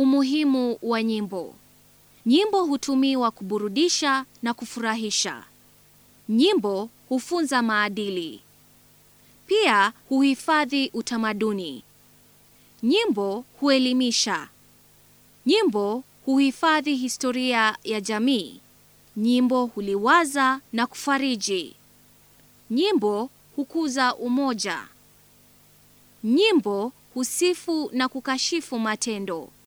Umuhimu wa nyimbo. Nyimbo hutumiwa kuburudisha na kufurahisha. Nyimbo hufunza maadili. Pia huhifadhi utamaduni. Nyimbo huelimisha. Nyimbo huhifadhi historia ya jamii. Nyimbo huliwaza na kufariji. Nyimbo hukuza umoja. Nyimbo husifu na kukashifu matendo.